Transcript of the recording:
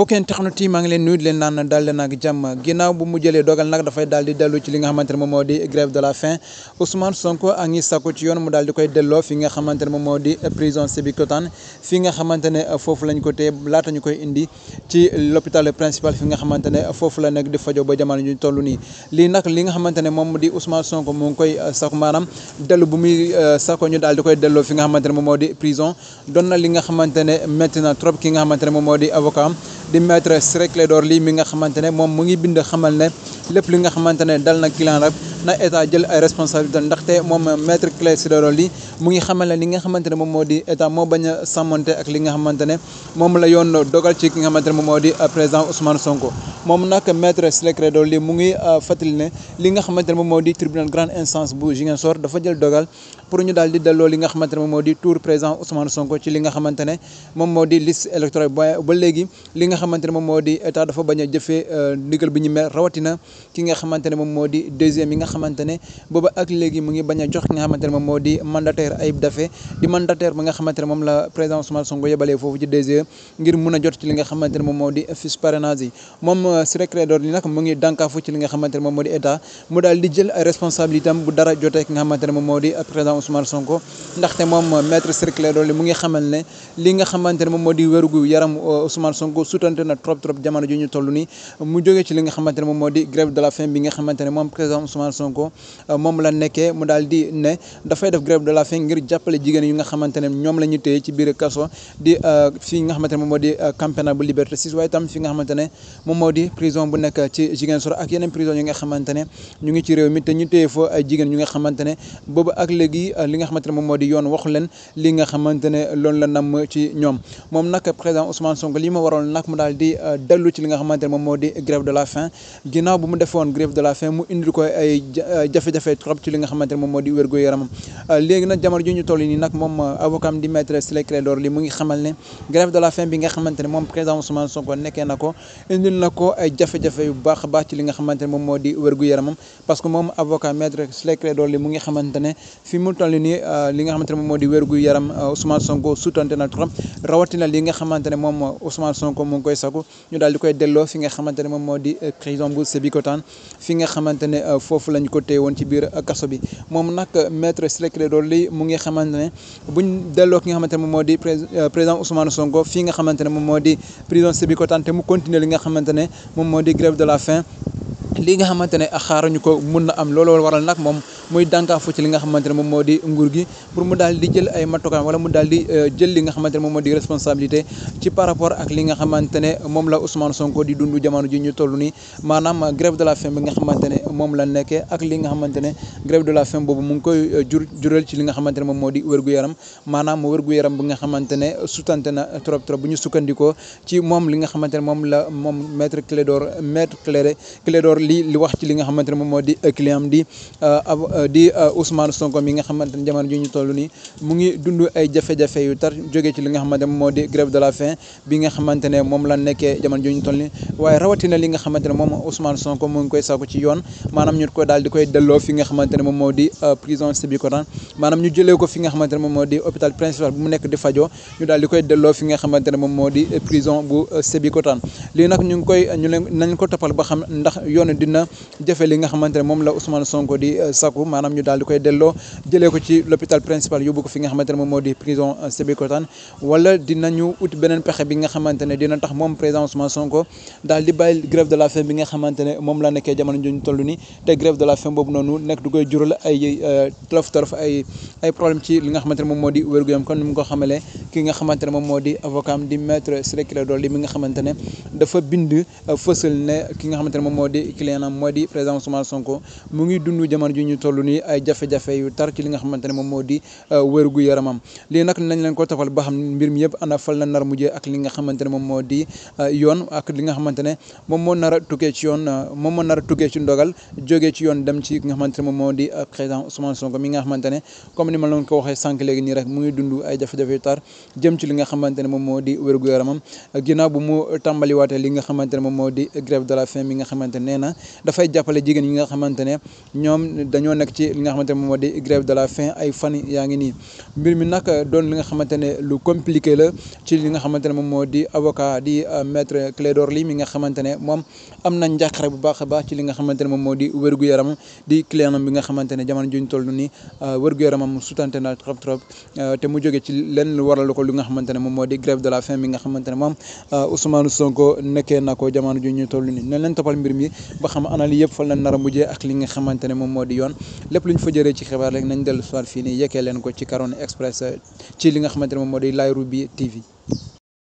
bokkeen taxnut yi maa ngi leen nuyu di leen naan daal leen ak jàmm ginnaaw bu mu jëlee dogal nag dafay daal di dellu ci li nga xamante ne moom moo di grève a ngi sàkku ci yoon mu daal di koy delloo fi nga xamante ne moom moo di prison Sébikotane fi nga xamante ne foofu lañ ko laata ñu koy indi ci l'hôpital principal fi nga xamante ne foofu la nekk di fajo ba jamono ñu toll nii lii nag li nga xamante ne moom di Ousmane Sonko mu ngi koy sàkku maanaam dellu bu muy euh, sàkku ñu daal di koy delloo fi nga xamante ne moom moo di prison doon na li nga xamante ne métti na trop ki nga xamante ne moom moo di avocat di maître Ciré Clédor Ly mi nga xamante ne moom mu ngi bind xamal ne lépp li nga xamante ne dal na client rek na état jël ay responsabilité ndaxte moom maître mu ngi xamal ne nga xamante ne moom moo di état moo bañ a sàmmante ak li nga xamante ne moom la yoon dogal ci ki nga xamante ne moom moo di président Ousmane Sonko moom nag maître Clédor Ciré euh, li nga xamante ne moom moo di tribunal grande instance bu Ziguinchor dafa jël dogal pour ñu daal di delloo li nga xamante ne moom moo di tour président Ousmane Sonko ci li nga xamante ne moom moo di liste électorale ba léegi li nga xamante ne moom moo di état dafa bañ a jëfee euh, ndigal bi ñu mel rawatina ki nga xamante ne moom moo di deuxième yi xamante ne booba ak léegi mu ngi bañ a jox ki nga xamante moom moo di mandataire Ayib Daffé di mandataire ba nga xamante moom la président Ousmane Sonko e a jot ci li moo di fiche parrainage yi moom secrétaire euh, d'ordre yi nag mu ngi dànkaafu ci li nga xamante ne moom moo di moo Sonko ndaxte moom euh, maître secrétaire d'ordre yi mu ngi xamal moom moo di wérugu euh, de la faim bi nga xamante moom président Ousmane Sonko euh, moom la nekkee mu daal yi nga xamante ne ñoom la ñu téye ci biir kaso waaye euh, tam fi nga xamante euh, moom moo di prison bu nekk ci Ziguinchor ak yeneen prison yi nga xamante ne ñu ngi ci réew mi te ñu téye fa ay jigéen ñu nga xamante boobu ak léegi li nga xamante ne moom moo di yoon waxu leen li nga xamante ne loolu la nam ci ñoom moom nag président Ousmane Sonko li ma waroon nag mu daal di dellu ci li nga xamante moom moo di grève de la faim ginnaaw bu mu defoon grève de la faim mu indil ko ay Euh, jafe-jafe trop ci li nga xamante ne moom moo di wér euh, euh, gu a baax ci li nga xamante ne moom moo di wér yaram Ousmane Sonko sutante na trop rawatina li nga xamante moom Ousmane Sonko mu koy sakku ñu daal di koy delloo fi nga xamante moom moo di prison bu Sébikotane fi nga xamante foofu la ñu ko téye woon ci biir kaso bi moom nag maître Ciré Clédor li mu ngi xamante ne buñ delloo ki nga xamante ne moom moo di euh, président Ousmane Sonko fii nga xamante ne moom moo di prison Sébikotane te mu continuer li nga xamante ne moom moo di grève de la fin li nga xamante ne xaaruñu ko mun na am looloo waral nag moom muy dànkaafu ci li nga xamante ne moom moo di nguur gi pour mu daal di jël ay matukaay wala mu daal di euh, jël li nga xamante moom moo di responsabilité ci par rapport ak li nga xamante ne moom la Ousmane Sonko di dund jamono ji ñu toll nii maanaam grève de la faim bi nga xamante ne moom la nekkee ak li nga xamante ne grève la faim boobu mu ngi koy euh, jur jural ci li nga xamante ne moom moo di wér yaram maanaam wér gu nga xamante ne sutante na trop trop bu ñu sukkandikoo ci moom li nga xamante ne moom la moom maître Clédor maître Clédor li li wax ci li nga xamante ne moom moo di euh, client di euh, euh, di Ousmane Sonko mi nga xamante ne jamono ji ñu toll nii mu ngi dund ay jafe-jafe yu tar moom di grève de li nag ñu ngi koy ñu ko toppal ba xam ndax yoon ne dina jafe li nga xamante ne moom la Ousmane Sonko di euh, sakku maanaam ñu daal di koy delloo jëlee ko ci l'hôpital principal yóbbu ko fi nga xamante moom moo di prison euh, Sébikotane wala dinañu ut beneen pexe bi nga xamante dina tax euh, moom moo di wér-gu-yaram mu ko xamalee ki nga xamante moom moo di avocat am di maître Ciré Clédor Ly mi nga xamante dafa bind fësal ne ki nga xamante moom moo di client am moo di président Ousmane Sonko mu ngi dund jamono ji ñu toll nii ay jafe-jafe yu tar ci li nga ne moom moo di euh, wérgu yaramam lii nag nañ leen ko tafal ba xam mbir mi li nga xamante ne euh, a a tukkee ni ma leen ko waxee sànq léegi nii rek mu ngi dund ay jafe-jafe yu tar jëm ci li nga xamante moom moo di wérgu yaramam ginnaaw bu mu tàmbaliwaatee li nga xamante moom moo di grève de la faim mi nga xamante ne dafay jàppale jigéen yi nga xamante ne ñoom dañoo nekk ci li nga xamante ne moom moo di grève de la fin ay fan yaa ngi nii mbir mi nag doon li nga xamante ne lu compliqué la ci li nga xamante ne moom moo di avocat di euh, maître Clédor Ly mi nga xamante ne moom am na njàqare bu a baax ci li nga xamante ne moom moo di wér-gu-yaram di client bi nga xamante ne jamono juñ toll nii euh, wér-gu-yaramam trop trop euh, te mu jóge ci lenn waralu ko li nga xamante ne moom moo di grève la faim mi nga xamante ne moom Ousmane Sonko nekkee na ko jamono ju ñu toll nii nañ leen toppal mbir mi ba xam ana li yëpp fa la nar a mujjee ak li nga xamante ne moom moo di yoon lépp lu ñu fa ci xibaar rek nañ dellu soit fii ni yekkee leen ko ci Caroline Express ci li nga xamante ne moom moo di Laye Roby TV